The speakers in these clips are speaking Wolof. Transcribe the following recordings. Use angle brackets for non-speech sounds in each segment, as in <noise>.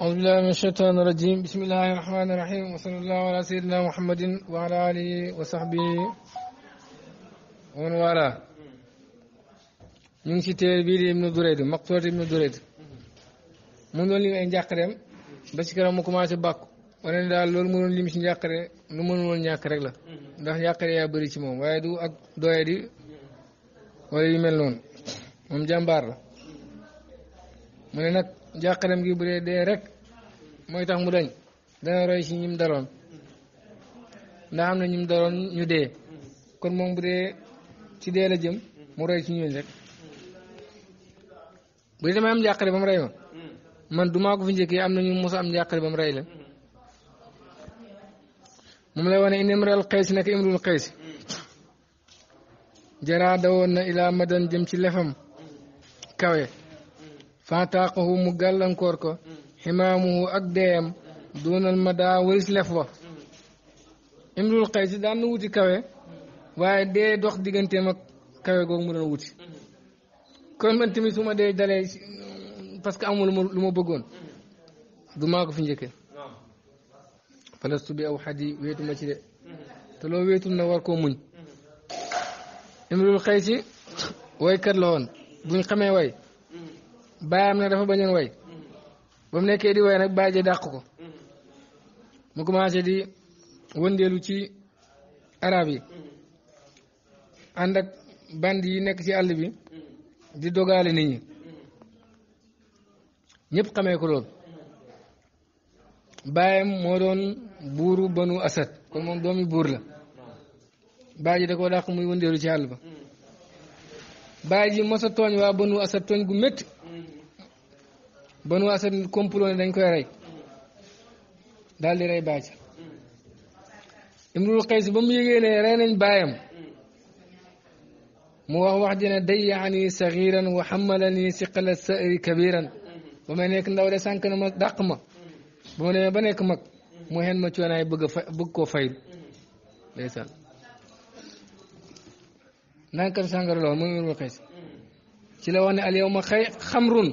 أعوذ بالله من الشيطان الرجيم بسم الله الرحمن الرحيم وصلى الله على سيدنا محمد وعلى آله وصحبه ومن والاه ñu ngi ci téere bii di Ibnu Dureyd Maqsuura Ibnu Dureyd mu doon lim ay njàqareem ba ci kanam mu commencé bàkku wane ne daal loolu mu doon lim ci njàqare lu mënul woon ñàkk rek la ndax njàqare yaa bëri ci moom waaye du ak doye di wala yu mel noonu moom jàmbaar la mu ne nag njàqaram gi bu dee dee rek mooy tax mu dañ dana roy ci ñim daloon ndax am na ñim daloon ñu dee kon moom bu dee ci dee la jëm mu roy ci ñooñ rek bu dee damay am njàqare ba rey ma man dumaa ko fi njëkkee am na ñu mos am njàqare ba mu rey la moom lay wane inimral xaysi nag imrul xaysi jaraa dawoon na ilaa madan jëm ci lefam kawe faataaqahu mu gàllankoor ko ximaamuhu ak deeyam doonal ma daa waris lef wa imrul xay si daan na wuti kawe waaye dee dox digganteem ak kawe googu mu doon wuti kon man dee dalee parce que amul lu ma bëggoon du maa fi njëkkee falastu bi aw xadi wéetu ci de te loo wéetul na war koo muñ imrul xay si waykat la woon buñ xamee way baayam ne dafa bañoon way ba mu nekkee di way nag baay ji dàq ko mu commencé di wëndeelu ci arab yi ànd band yi nekk ci àll bi di dogaale nit ñi ñëpp xamee ko loolu baayam moo doon buuru banu asad kon moom doomi buur la baay ji da dàq muy wëndeelu ci àll ba baay ji mos tooñ waa banu asad tooñ gu métti ba nu asal complot dañ koy ray dal di ray baaja imrul qais bam mu ne ray nañ bayam mu wax wax dina ne dayyaani sagiran wa hamalani siqala sa'ir kabiran ba may nekk ndaw de sank na ma dàq bo né ba nek mak mu hen ma cionay bëgg a fa bëgg koo faylu ndeysaan nankatu sàngara lool mooy imrul qais ci la wone al yawma khamrun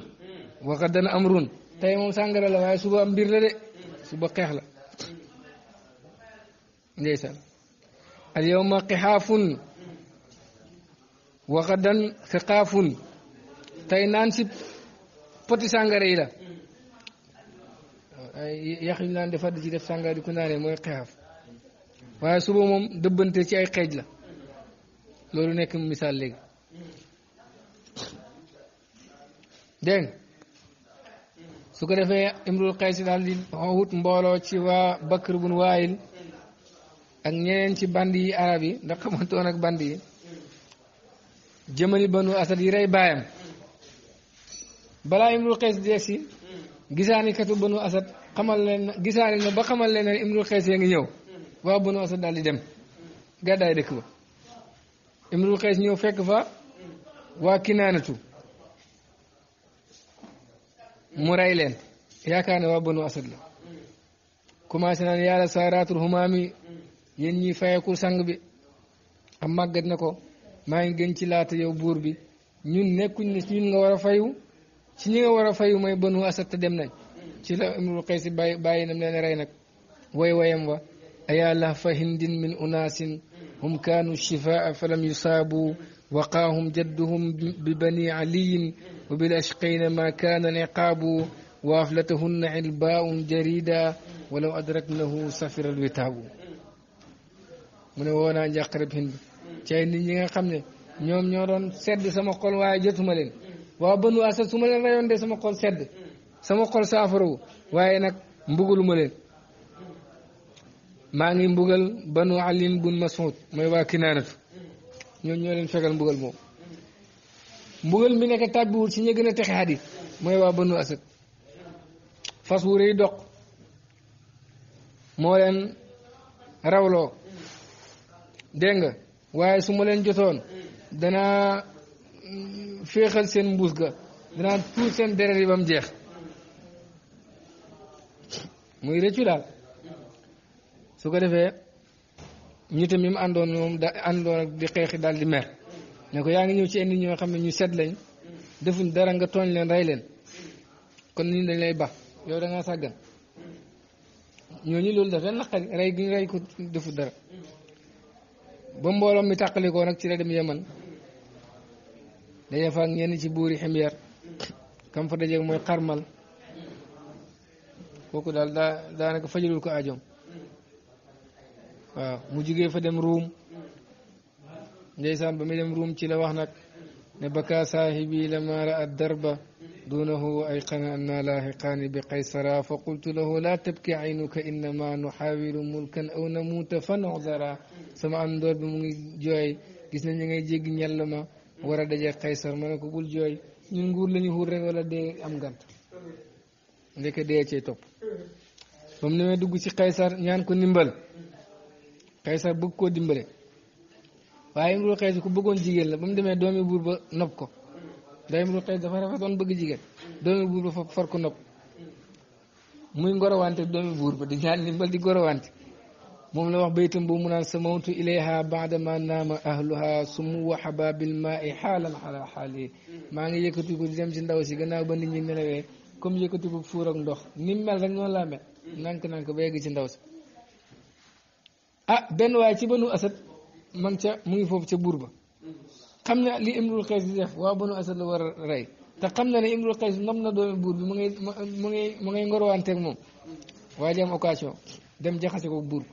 waxa dana amrun tey moom sàngara la waaye suba am mbir la de suba xeex la ndeysaan al yawma qixaafun waxa dan xiqaafun tey naan si poti sàngara yi la yax yu naan defar di ci def sàngara di ko naanee mooy xixaaf waaye suba moom dëbbante ci ay xeej la loolu nekk misaal léegi dégg su ko defee imrul xaysi daal di wut mbooloo ci waa Bakr bun Waayil ak ñeneen ci band yi arab yi ndax xamantoon ak band yi jëmali banu asad yi rey baayam balaa imrul xays di egsi gisaani katu banu asad xamal leen gisaani na ba xamal leen ne imrul xays yaa ngi ñëw waa banu asad daal di dem gàddaay dëkk ba imrul xays ñëw fekk fa waa kinaanatu mu rey leen yaakaar ne waa banu asad la commencé naan yàlla saaraatul xumaami yéen ñiy fayekul bi am màggat na ko maa ngi gën ci laata yow buur bi ñun nekkuñ ne ñun nga war a fayu ci ñi nga war a fayu mooy banu asad te dem nañ ci la imrul xaysi bàyyi bàyyi nam leen rey nag way wayam wa ayaa lahfa hindin min unaasin hum kaanu shifaa falam yusaabu waqaahum jadduhum bi bani aliyin وبالأشقين ما كان العقاب وأفلتهن علباء جريدا ولو أدركنه سفر الوتاب mu ne woo naa njàqareb hind ci ay ñi nga xam ne ñoom ñoo doon sedd sama xol waaye jotuma leen waaw banu asad su ma leen sama xol sedd sama xol saafarawu waaye nag mbuguluma leen maa ngi mbugal banu alin bun masud mooy waa kinaanatu ñoom ñoo leen fegal mbugal moom mbugal mi nekk tàbbiwul ci ñi gën a texe xadis mooy waa banu asad fas wu rëy doq moo leen rawloo dégg nga waaye su ma leen jotoon danaa mm, féexal seen mbuus ga danaa tuur seen deret yi ba mu jeex muy rëccu daal su ko defee ñi tamit mu àndoon moom da àndoon ak di xeexi daal di mer ne ko yaa ngi ñëw ci indi ñoo xam ne ñu set lañ defuñ dara nga tooñ leen rey leen kon ni dañ lay ba yow da ngaa ñoo ñooñu loolu daf leen naqari rey ko defu dara ba mbooloo mi tàqalikoo nag ci la dem Yemen daje fa ak ñenn ci buuri Ximyar kam fa dajeeg mooy xarmal kooku daal daa daanaka fajalul ko ajoom waaw mu jugee fa dem ruum ndeysaan ba muy dem ruum ci la wax nag ne baka saahibi lama ra at darba duunahu wa ayqana anna laahiqaani bi qaysara fa qultu lahu laa tabki aynuka innama nuxaawilu mulkan aw namuuta fa nodara sama àndoor bi mu jooy gis na ñi ngay jéggi ñell ma war a daje qaysar ma ne bul jooy ñun nguur la ñu xuur wala dee am gant ndeke dee cay topp ba mu newee dugg ci qaysar ñaan ko ndimbal qaysar bëgg koo dimbale waaye imrul xees ku bëggoon jigéen la ba mu demee doomi buur ba nopp ko ndax imrul xees dafa rafetoon bëgg jigéen doomi buur ba fa far ko nopp muy ngorowante doomi buur ba di ñaan ndimbal di ngorowante moom la wax baytam bu mu naan samawtu ilayha baadama naama ahluha sumu wa xabaabil maai xaalan ala xaali maa ngi yëkkati ko dem ci ndaw si gannaaw ba nit ñi nelawee comme yëkkati ko fuur ndox ni mel rek noonu laa mel nànk-nànk ba yegg ci ndaw si ah benn waaye ci banu asad man ca mu ngi foofu ca buur ba xam na li imrul xays di def waa banu asad la war a rey te xam na ne imrul xays nam na doomi buur bi mu ngay mu ngay mu ngay ngorowanteeg moom waaye di am dem jaxase ko buur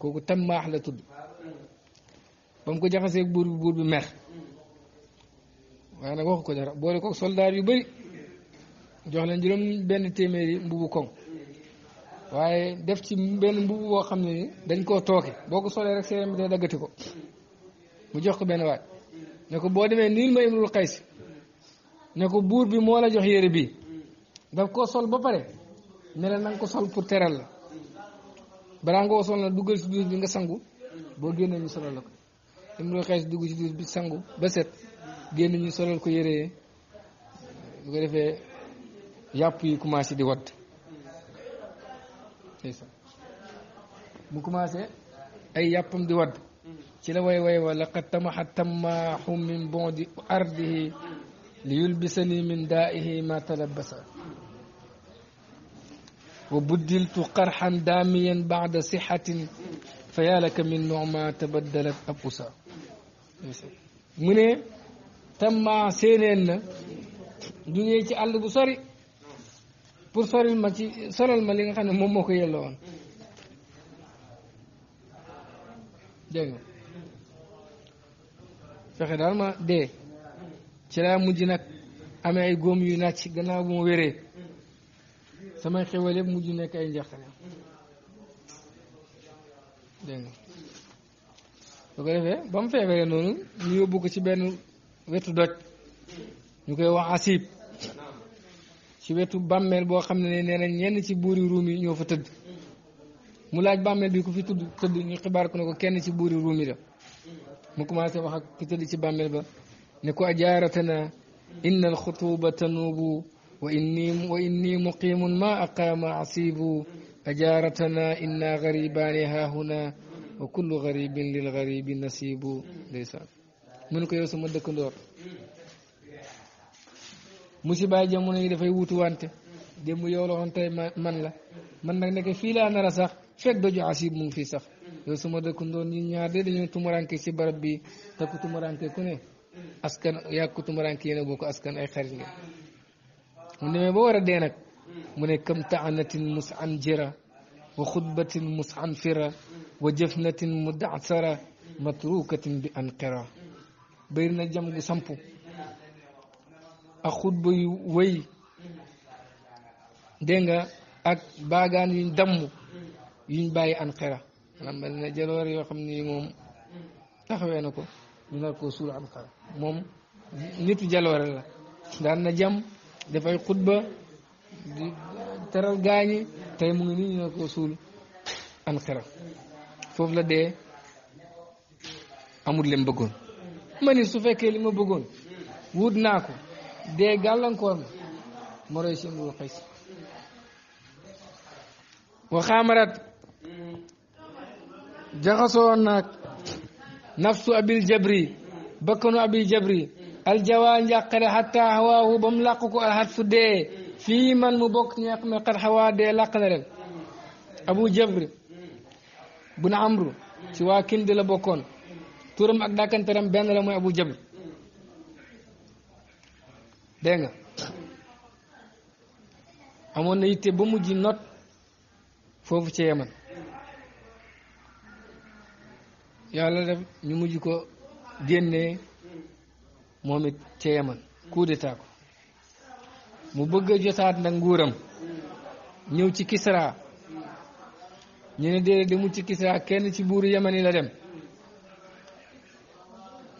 kooku tam maax la tudd ba ko jaxasee buur bi buur bi mer waaye nag wax ko dara boole ko soldaar yu bëri jox leen juróom benn téeméeri mbubu koŋ waaye def ci benn mbubb boo xam ne dañ koo tooke boo ko solee rek seen bi day daggati ko mu jox ko benn waaj ne ko boo demee niil ma imrul xays ne ko buur bi moo la jox yére bi daf koo sol ba pare ne la ko sol pour teral la balaa nga ko sol na duggal ci duus bi nga sangu boo génnee ñu solal la ko imrul dugg ci duus bi sangu ba set génn ñu solal ko yére lu ko defee yàpp yi commencé di wadd mu commencé ay yàppam di wadd ci la way way wa laqad tamaxa tammaaxu min bondi ardihi li yulbisani min daa'ihi ma talabbasa wa buddiltu qarxan daamiyan bacda sixatin fa yaalaka min nocma tabaddalat ab usa mu ne tammaa séeneen na jugee ci àll bu sori pour soril ma ci soral ma li nga xam ne moom moo ko yelloo woon dégg nga fexe daal ma dee ci laa mujj nag amee ay góom yu nàcc gannaaw bu ma wéree samay xewal yëpp mujj nekk ay njaxare dégg nga su ko defee ba mu feebaree noonu ñu yóbbu ko ci benn wetu doj ñu koy wax asib ci wetu bammel bo xamne ne nee ñen ci buri rumi yi ñoo fa tëdd mu laaj bammel bi ku fi tudd tëdd ñu xibar ko ne ko kenn ci buuri ruum yi la mu commencé wax ak ku tëdd ci bammel ba ne ko ajaratana inna al khutuba tanubu wa inni wa inni muqimun ma aqama asibu ajaratana inna ha huna wa kullu garibin lil garibi nasibu ndeysaan mu ne ko yow sama dekk ndor musibaay jamono yi dafay wutu wante démb yow la woon tey man la man nag nekk fii laa nar sax fekk doju asib mu ngi fii sax yow suma dëkkandoon ñun ñaar de dañoo tumuranke ci barab bi te ku tumuranke ku ne askan yaa ku tumuranke yéen a bokk askan ay xarit nga mu demee ba war a dee nag mu ne kam taanatin mus jira wa xutbatin mus an fira wa jëfnatin mu daasara matrukatin bi an qira na jam gu sampu ak xutba yu wëy dégg nga ak baagaan yuñ damm yuñ bàyyi an xera maanaam na jaloor yoo xam ni moom taxawee na ko ñu nar koo suul an xera moom nitu jaloore la daal na jam dafay xutba di teral gaañi tey mu ngi nii ñu nar koo suul an xera foofu la dee amul lim bëggoon ma su fekkee li ma bëggoon wut naa ko dee gàllankoor ma moroy si mu xëy nafsu abil jabri bakkanu abil jabri aljawaa njàqare xatta xawaahu ba mu làq ko alxat fu mu bokk ñi nga xam ne abu jabri bu amru ci waa kindi bokkoon turam ak dàkkantaram benn abu jabri dégg nga amoon na yitte ba mujj not foofu ci Yaman yàlla def ñu mujj ko génnee moom it ci Yaman coup d'état mu bëgg a jotaat nag nguuram ñëw ci Kisra ñu ne déedéet demul ci kenn ci buuru Yaman yi la dem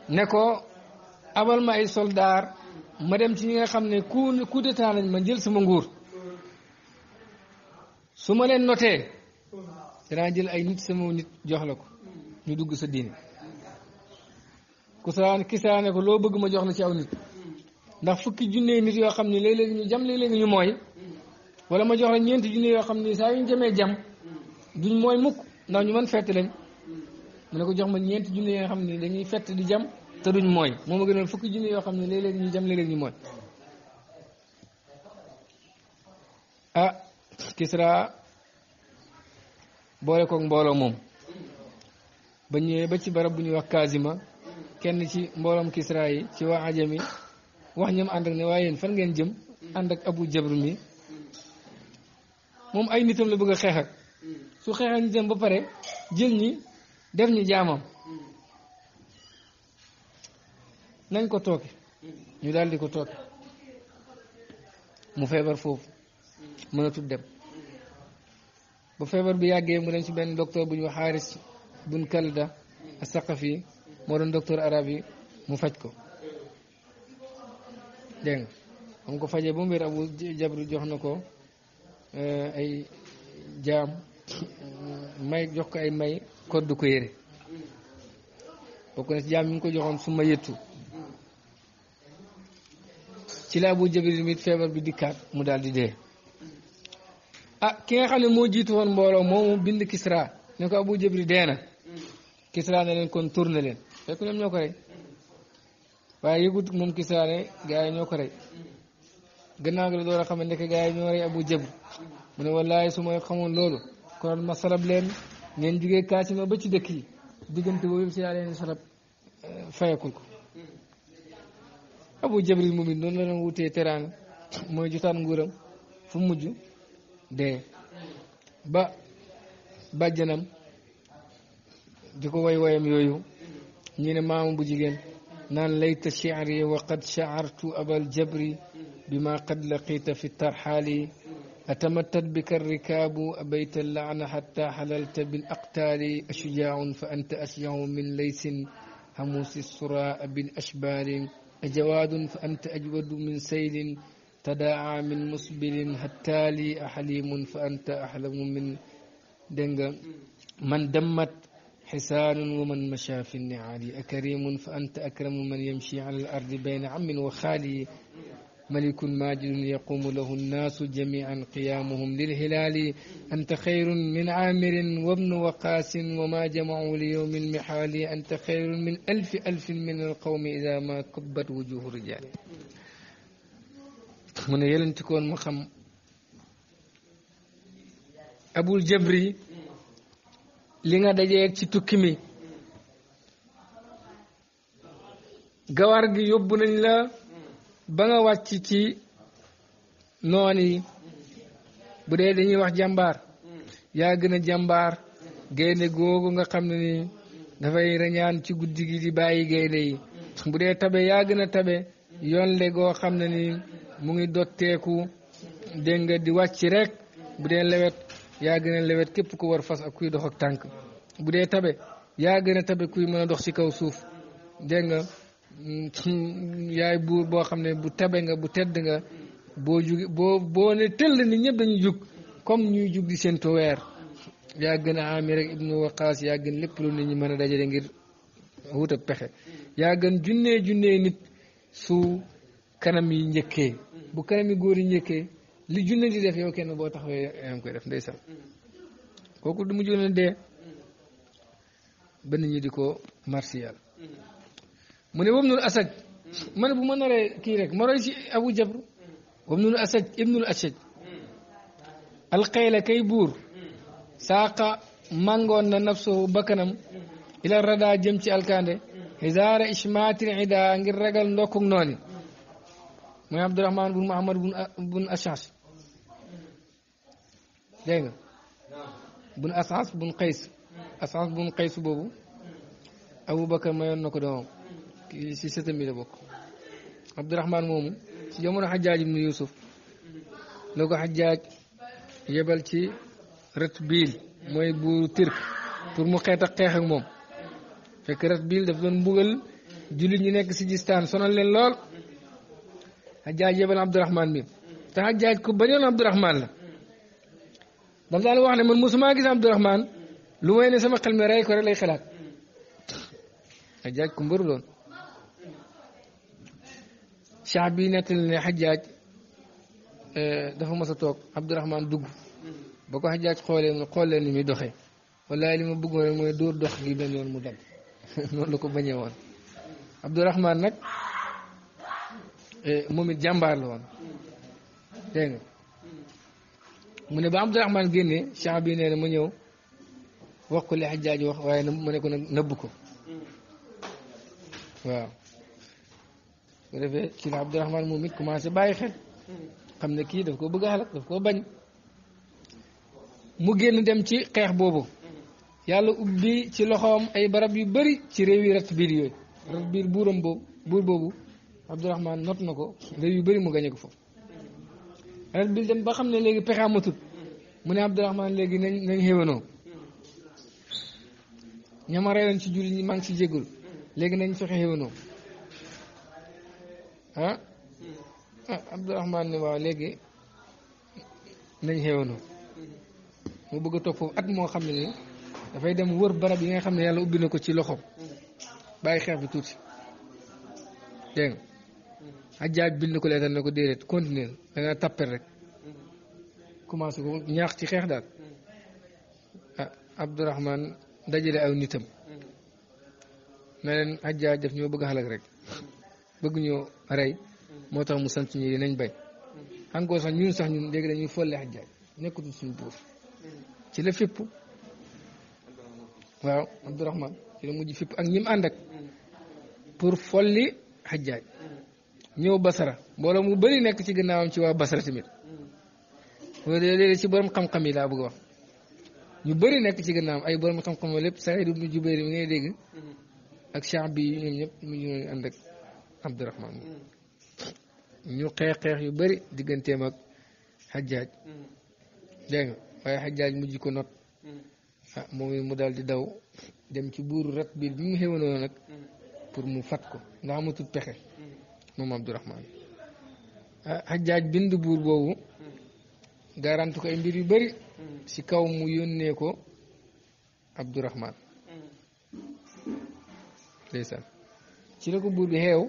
ne ko abal ma ay soldaar ma dem ci ñi nga xam ne coup coup d'état lañ ma jël sama nguur su ma leen notee danaa jël ay nit sama nit jox la ko ñu dugg sa diin diine kusaan kisaane ko loo bëgg ma jox na ci aw nit ndax fukki junne nit yoo xam ne léeg-léeg ñu jam léeg-léeg ñu mooy wala ma jox la ñeenti junne yoo xam ne saa yu ñu jamee jam duñ mooy mukk ndax ñu man fett lañ mu ne ko jox ma ñeenti junne yoo xam ne dañuy fett di jam te duñ mooy moom a gënal fukki junni yoo xam ne léeg-léeg ñu jam léeg-léeg ñu mooy ah Kisra boole koog mbooloo moom ba ñëwee ba ci barab bu ñuy wax Kaasima kenn ci mbooloom Kisra yi ci waa ajami wax ñoom ànd ak ne waaye yéen fan ngeen jëm ànd ak Abu Jabr mi moom ay nitam la bëgg a xeex ak su xeex ak nitam ba pare jël ñi def ñi jaamam nañ ko tooke ñu daal ko tooke mu feebar foofu mënatul dem ba feebar bi yàggee mu dem ci benn docteur bu ñu wax Haris bun Kalda Asaqafi moo doon docteur arab yi mu faj ko dégg nga xam ko fajee ba mu wér abu jabru jox na ko euh, ay jaam may jox ko ay may kodd ko yére bokk na ci jaam yi ko joxoon su yëttu ci la Abu Jahl mit feebar bi dikkaat mu daal di dee ah ki nga xam ne moo jiitu woon mbooloo moomu bind Kisra ne ko Abu Jahl dee na Kisra ne leen kon tourné leen fekk ñoom ñoo ko rey waaye yëgut moom Kisra ne gars yi ñoo ko rey gannaaw gi la door a xam ne ndeke gars yi ñoo rey Abu Jahl mu ne wallaahi su ma xamoon loolu kon ma salab leen ngeen jugee kaasi ma ba ci dëkk yi diggante boobu yëpp si yaa leen salab eh, fayakul ko abu jabril moom it noonu la doon wutee teraanga mooy jotaan nguuram fu mujj dee ba bàjjanam di ko way wayam yooyu ñu ne maamu bu jigéen naan layta shi'ri wa qad sha'artu abal jabri bima qad laqita fi tarxaali أتمتت بك الركاب أبيت اللعن حتى حللت بالأقتال أشجاع فأنت أشجع من ليس هموس السراء بالأشبال أجواد فأنت أجود من سيل تداعى من مسبل هتالي أحليم فأنت أحلم من دنجا من دمت حسان ومن مشى في النعال أكريم فأنت أكرم من يمشي على الأرض بين عم وخالي ملك ماجد يقوم له الناس جميعا قيامهم للهلال أنت خير من عامر وابن وقاس وما جمعوا ليوم المحال أنت خير من ألف ألف من القوم إذا ما كبت وجوه رجال من يلن تكون مخم أبو الجبري لنا دجاجة تكمي gawar gi yóbbu nañ la ba nga wàcc ci noon yi bu dee dañuy wax jàmbaar yaa gën a jàmbaar gaynde googu nga xam ne ni dafay rañaan ci guddi gi di bàyyi gaynde yi bu dee tabe yaa gën a tabe yoon le goo xam na ni mu ngi dotteeku dégg nga di wàcc rek bu dee lewet yaa gën a lewet képp ku war fas ak kuy dox ak tànk bu dee tabe yaa gën a tabe kuy mën a dox ci kaw suuf dégg Mm, yaay buur boo xam ne bu tabe nga bu tedd nga boo jug boo boo ne tëll ni ñëpp dañuy jug comme ñuy jug di seen toweer yaa gën a amir ak ibnu waqaas yaa gën lépp lu nit ñi mën a dajale ngir wut pexe yaa gën junnee junnee nit su kanam yi njëkkee bu kanam yi góor yi njëkkee li junne di def yow kenn boo taxawee yaa ngi koy def ndeysaan kooku du mu jóne dee ba nit ñi di ko martial mu ne wabnul asaj ma ne bu ma naree kii rek ma roy si abu jabr wabnul asaj ibnul asaj alxayla kay buur saaqa màngoon na nafsu bakkanam ila rada jëm ci alkande hizaara ishmaatin ida ngir ragal ndokkuk nooni mooy abdurahman bun muhammad bun ashas dégg nga bun ashas bun qays ashas bun qays boobu abubakar mayoon na ko doomam si sëtam mi la bokk Abdurahmaan moomu si jamono Xajaaj ibnu Yuusuf la ko Xajaaj yebal ci Ratbiil mooy buuru Tirk pour mu xeex ak ak moom fekk Ratbiil daf doon mbugal jullit ñi nekk si gistaan sonal leen lool Xajaaj yebal Abdurahmaan bi te Xajaaj ku bañoon Abdurahmaan la daf daan wax ne man mosumaa gis Abdurahmaan lu may ne sama xel mi rey ko lay xalaat Xajaaj ku loon Shaabi bii nettali ne xajaaj eh, dafa mas a toog Abdurahman dugg ba ko xajaaj xoolee mu xool leen ni muy doxe wallaahi li ma bëggoon mooy dóor dox gi benn yoon mu dagg <laughs> noonu la ko bañee woon Abdurahman nag eh, moom it jàmbaar la woon dégg nga mu ne ba Abdurahman génnee Shaabi bii nee na mu ñëw wax ko li xajaaj wax waaye mu ne ko nag nëbb ko waaw su ko defee ci la Abdourahman moom it commencé bàyyi xel xam ne kii daf ko bëgg a xalak daf koo bañ mu génn dem ci xeex boobu yàlla ubbi ci loxoom ay barab yu bari ci réew yi rat biir yooyu rat biir buuram boobu buur boobu Abdourahman not na ko réew yu bari mu gañe ko foofu rat biir dem ba xam ne léegi pexe amatul mu ne Abdourahman léegi nañ nañ xéwanoo ñama reyoon ci jullit ñi maa ngi si jéggul léegi nañ fexe xéwanoo ah ah ni waaw léegi nañ xéwanoo moo bëgg a toog foofu at moo xam ne dafay dem wër barab yi ngay xam ne yàlla ubbi na ko ci loxoom bàyyi xeex bi tuuti dégg nga bind ko leetal na ko déedéet continuer da nga tàppel rek commencé ko ñaax ci xeex daal ah Abdourahman dajale aw nitam mm-hmm. ne leen Hajjaaj daf ñoo bëgg a rek bëgg rey moo tax mu sant ñu nañ bay xam nga sax ñun sax ñun léegi dañuy folle xajjaaj nekkutul suñu buur ci la fépp waaw Abdourahman ci la mujj fépp ak ñim ànd ak pour folli xajjaaj ñëw basara mbooloo mu bari nekk ci gannaawam ci waa basara tamit léeg-léeg ci borom xam-xam yi laa bëgg wax ñu bëri nekk ci gannaawam ay borom xam-xam lépp Saïd ibnu Jubayr mi ngay dégg ak Shaabi yi ñoom ñëpp mu ñu ànd ak Abdurahman ñu xeex xeex yu bëri digganteem ak xajjaaj dégg nga waaye xajjaaj mujj ko not ah moom mu daal di daw dem ci buur rat biir bi mu xéwanoo nag pour mu fat ko ndax amatul pexe moom Abdurahman ah bind buur boobu garante mbir yu bëri si kaw mu yónnee ko Abdurahman ci la ko buur bi xeew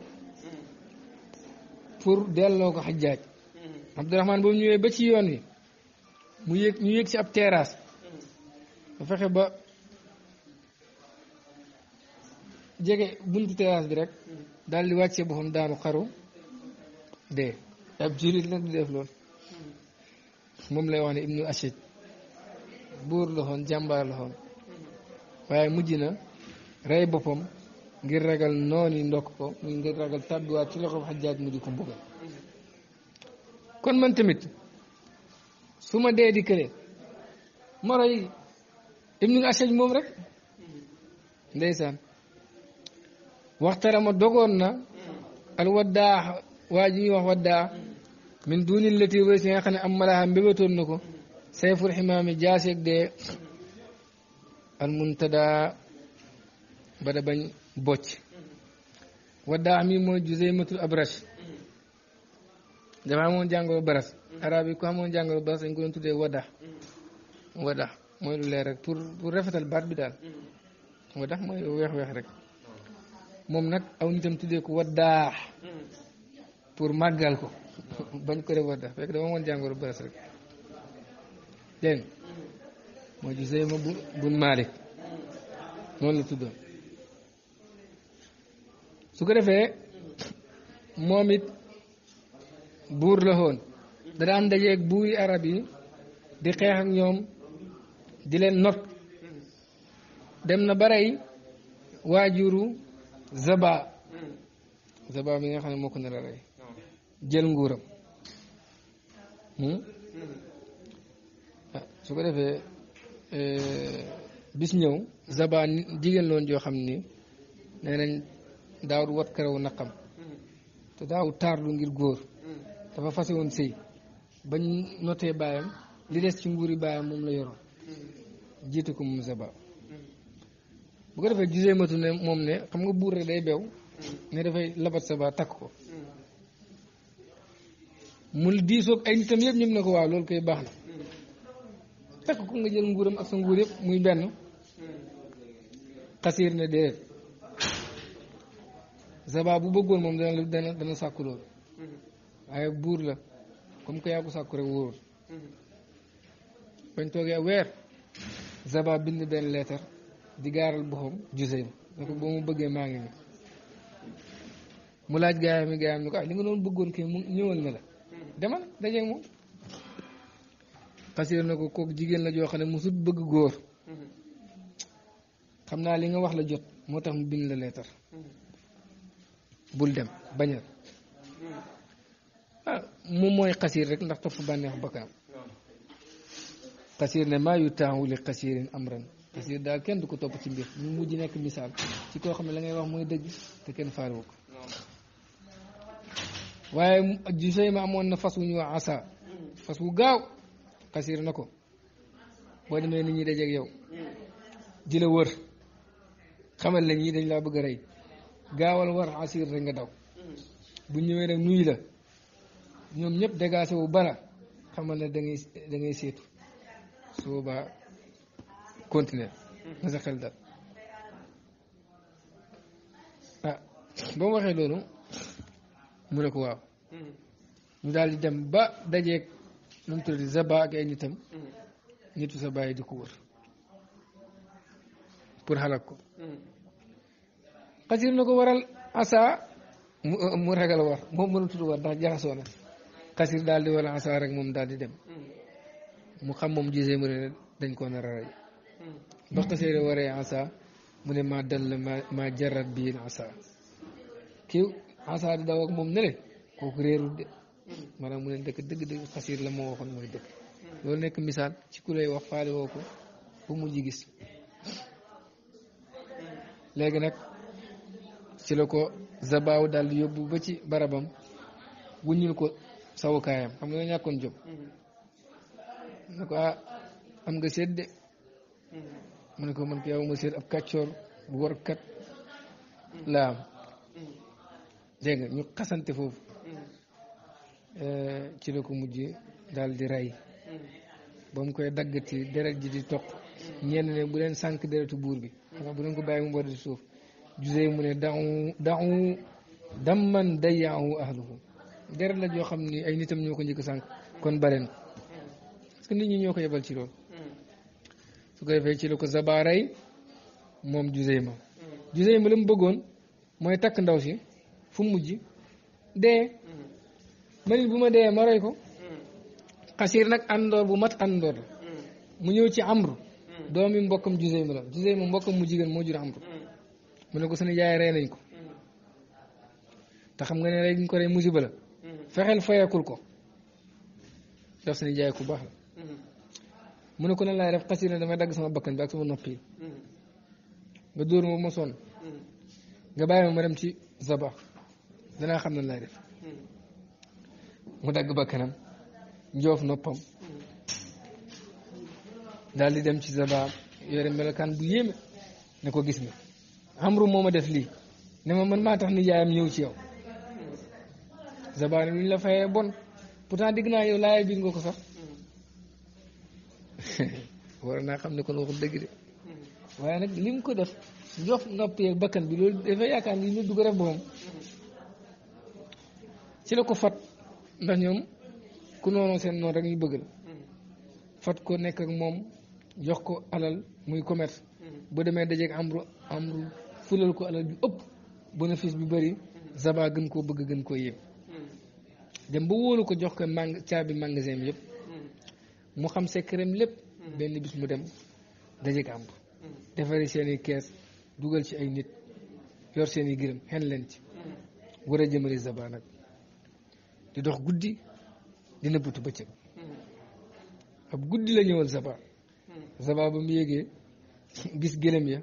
pour delloo ko xajjaaj hmm. Abdourahman boobu ñëwee ba ci yoon wi mu yëg ci ab teraas hmm. ba fexe ba jege buntu terrasse bi rek hmm. daal di wàccee boppam daanu xaru dee ab jurit nag di def loolu moom lay wax ne ibnu Ashij buur la xoon jàmbaar la waaye mujj na rey boppam ngir ragal noon yi ndokk ko muy ngir ragal tàbbiwaat ci man tamit su ma dee di kële ma roy ibnu Ashaj moom rek ndeysaan waxtara ma dogoon na al waddaa waa ji wax waddaa min duuni lati way si nga xam ne am malaaha mbébatoon na ko sayful ximaami jaaseeg dee al muntada bada bañ bocc waddaa mi mooy jusey matul abrash dafa amoon jàngoro baras arab yi ku amoon jàngoro baras dañ ko doon tuddee waddax waddax mooy lu leer rek bi daal waddax weex weex rek moom nag aw nitam tuddee ko waddaax pour màggal ko bañ ko def waddax fekk dafa amoon jàngoro baras rek dégg mooy jusey ma bun Malik noonu la tuddoon su ko defee moom it buur la woon da daan dajeeg buuri arab yi di xeex ak ñoom di leen not dem na barey waajuru zaba zaba bi nga xam ne moo ko nar a rey jël nguuram hmm? ah, su ko defee eh, bis ñëw zaba jigéen loon joo xam ni nee daawut wat karaw naqam te daawut taarlu ngir góor dafa fase woon sëy bañ notee baayam li des ci nguuri baayam moom la yoroon jiite ko moom saba bu ko defee gisee matu ne moom ne xam nga buur rek day bew ne dafay labat takk ko mun diisoog ay nitam yëpp ñoom ne ko waa loolu koy baax na takk ko nga jël nguuram ak sa nguur yëpp muy benn xasiir ne déedéet zaba bu bëggoon moom dana la dana sàkku loolu mm-hmm. waaye buur la comme que yaa ko sàkku rek wóorul mm-hmm. bañ toogee weer zaba bind benn leetar di gaaral boppam jusey na ko boo mu bëggee maa ngi nii mu laaj gaayam yi gaayam ni ko ah li nga doon bëggoon kay mu ñëwal na la mm-hmm. demal dajeeg moom xasir na ko kooku jigéen la joo xam ne musut bëgg góor xam naa li nga wax la jot moo tax mu bind la leetar bul dem bañal ah moom mooy xasiir rek ndax topp bànneexu bakkaar xasiir ne maa yu taamu li xasiirin amran xasiir daal kenn du ko topp ci mbir mu mujj nekk misaal ci koo xam ne la ngay wax mooy dëgg te kenn faalewu ko waaye Jusayma amoon na fas wu ñu wax asa fas wu gaaw xasiir na ko boo demee nit ñi dajeeg yow di la wër xamal la ñii dañ laa bëgg a rey gaawal war asir rek nga daw bu ñëwee nag nuyu la ñoom ñëpp dégagé wu bara xamal ne da ngay da ngay seetu su na sa xel dal ah ba mu waxee loolu mu ne ko waaw ñu daal di dem ba dajeeg nu mu tuddati zaba ak ay nitam nitu sa bàyyi di ko wër pour xalak ko xasir na ko waral asa mu euh, ragal war moom mënatut war ndax jaxasoo na daal di wala asa rek moom daal di dem mu xam moom gisee mu ne dañ koo a rey ba xasir waree asa mu ne ma dal ma ma jarat bii asa kii asa di daw moom ne le kooku réerul de maanaam mu ne dëkk dëgg-dëgg xasir la moo waxoon mooy dëkk loolu nekk misaal ci ku lay wax faale woo ko bu mujj gis léegi nag ci la ko zabaaw daal di yóbbu ba ci barabam wuññil ko sawukaayam xam nga ñàkkoon jom mm-hmm. ne ko ah am nga seet de mm-hmm. mu ne ko man ko yow ma seet ab kàccoor bu war kat mm-hmm. laa am dégg nga ñu xasante foofu eh, ci la ko mujj daal di rey ba mu koy daggati deret ji di toq ñenn ne bu leen sànq deretu buur bi bu leen ko bàyyi mu war suuf jusey mu ne dau dau damman dayyaahu ahluhu deret la joo xam ni ay nitam ñoo ko njëkk sànq kon bareen ko parce que nit ñi ñoo ko yebal ci loolu su ko defee ci la ko zabaaray moom jusey ma jusey ma la mu bëggoon mooy takk ndaw si fu mujj dee manit bu ma dee ma roy ko xasiir nag àndoor bu mat àndoor la mu ñëw ci amru mm. doomi mbokkam jusey ma la jusey ma mbokkam mu jigéen moo jur amru mu ne ko suñu yaay rey nañ ko te xam nga ne rey ñu ko rey musiba la fexeel fayakul ko daf suñu jaay ku baax la mu ne ko nan laay def xas na damay dagg sama bakkan bi ak sama noppi nga dóor ma ma nga bàyyi ma dem ci zaba danaa xam nan laay def mu dagg bakkanam njoof noppam daal di dem ci zaba yore melokaan bu yéeme ne ko gis nga amru moo ma def lii ne ma man maa tax ni ñëw ci yow zabaane lu ñu la fayee bon pourtant digg naa yow laaya biir nga ko sax <laughs> war naa xam ne kon waxul dëgg de waaye nag li ko def jox nopp bakkan bi loolu dafay yaakaar ni nit du ko def boppam ci la ko fat ndax ñoom ku noonu seen noonu rek ñu bëgg la fat ko nekk ak moom jox ko alal muy commerce mm-hmm. bu demee dajeeg amru amru fulal ko alal ju ëpp bénéfice bu bari zaba gën koo bëgg gën koo yéem dem ba wóolu ko jox ko mang caabi magasin bi yëpp mu xam sekkereem lépp benn bis mu dem daje ko am defari seen kees dugal ci ay nit yor seeni i gërëm xen ci war a jëmale zaba nag di dox guddi di nëbbatu bëccëg ab guddi la ñëwal zaba zaba ba mu yégee gis gëlëm ya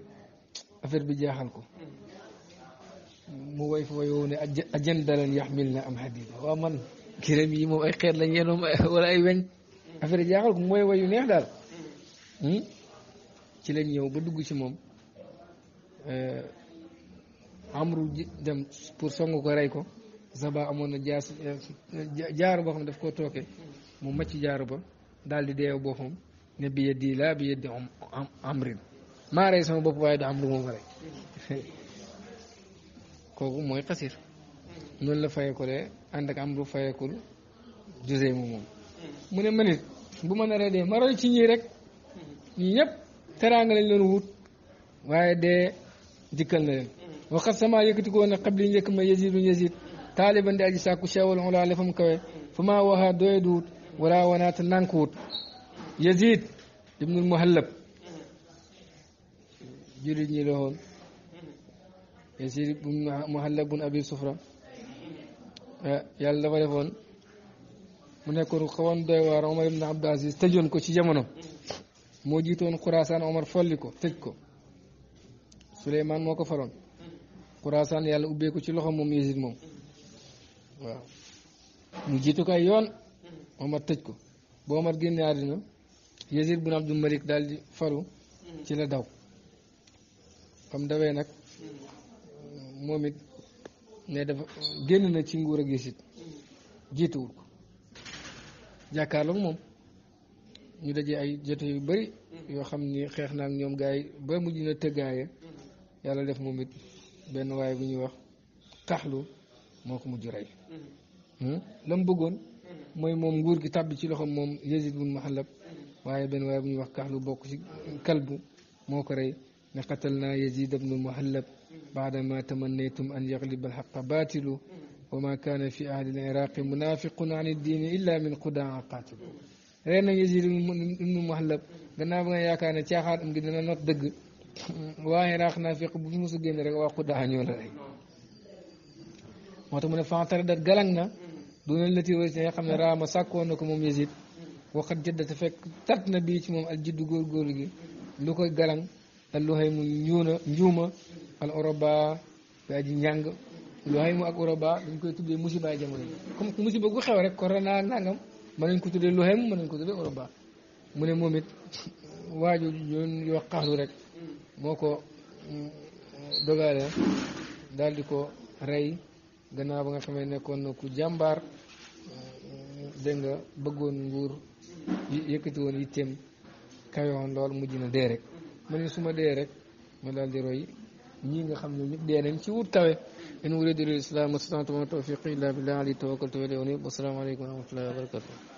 affaire bi jaaxal ko mu way fa wayoo ne ajan dalal yaxmil na am xadida waaw man kiram yi moom ay xeet lañ yenoom wala ay weñ affaire yi jaaxal ko mooy wayu neex daal hmm? ci lañ ñëw ba dugg ci moom eh, amru dem pour song ko rey ko zaba amoon na jaas eh, jaaru boo xam ne daf koo tooke mu macc jaaru ba daal di deew boppam ne bi yeddi laa bi yeddi amrin maa rey sama bopp waaye du am moom rey kooku mooy xasir noonu la fayeekulee ànd ak am lu fayeekul jose moom mu ne manit bu ma naree dee ma roy ci ñii rek ñii ñëpp teraanga lañ wut waaye dee dikkal na leen waxat sama yëkkati ko woon a xabli njëkk ma yasidu yasid taaliban di aji sàkku cheewal olaa la fa mu fa maa waxaa doye wut wala wanaata nànk wut yasid ibnul muhallab jullit ñi la woon Yasiid Muhallab bun Abi Sufra eh, yàlla dafa defoon mu nekkoon xawoon doy waar Omar ibn Abdul Aziz tëjoon ko ci jamono moo jiitoon Xuraasaan Omar folli ko tëj ko Suleymaan moo ko faroon Xuraasaan yàlla ubbee ci loxo moom Yasiid moom mu jiitu ko ay yoon Omar tëj ko boo Omar génne àddina Yasiid bun Abdul Malik daal di faru ci la daw fam dawee nag moom it ne dafa génn na ci nguur ak yësit jiituwul ko jàkkaarloog moom ñu dajee ay jote yu bëri yoo xam ni xeex naa ak ñoom gaa yi ba mujj na tëggaaye yàlla def moom it benn waaye bu ñuy wax kaxlu moo mujj rey hmm? la bëggoon mooy moom nguur gi tàbbi ci loxoom moom Yazid bun waaye benn waaye bu ñuy wax kaxlu bokk ci kalbu moo ko rey لقتلنا يزيد بن محلب بعدما تمنيتم أن يغلب الحق باطل وما كان في أهل العراق منافق عن الدين إلا من قدع قاتل رينا يزيد بن محلب قلنا بنا يا كان تياخر أم قدنا نطدق واه راق نافق بفموس قدنا رقوا قدع نيولا رأي موتا من فاعتر دات غلقنا دون التي ويسنا يقام راما ساكوانكم يزيد وقد جدت فك تتنا بيتمم الجد غور غور لكي غلق alluhay mu njuuna njuuma al oroba bi aji njàng luhay mu ak oroba dañ koy tuddee musiba jamono comme musiba gu xew rek corona nangam mën nañ ko tuddee luhay mu mën nañ ko tuddee oroba mu ne moom it waaju yoon yoo xaasu rek moo ko mm, dogaale daal di ko rey gannaaw ba nga xamee nekkoon na ku jàmbaar mm, dégg nga bëggoon nguur yëkkati yitteem kayoon lool mujj na dee rek mu ne su ma dee rek ma laal di roy ñii nga xam ne ñëpp dee nañ ci wut tawe in uriidu illal islaah mastata'tu wa ma tawfiiqi illaa billaah alayhi tawakkaltu wa ilayhi uniib wa salaamu aleykum wa rahmatullaahi wa barakaatuh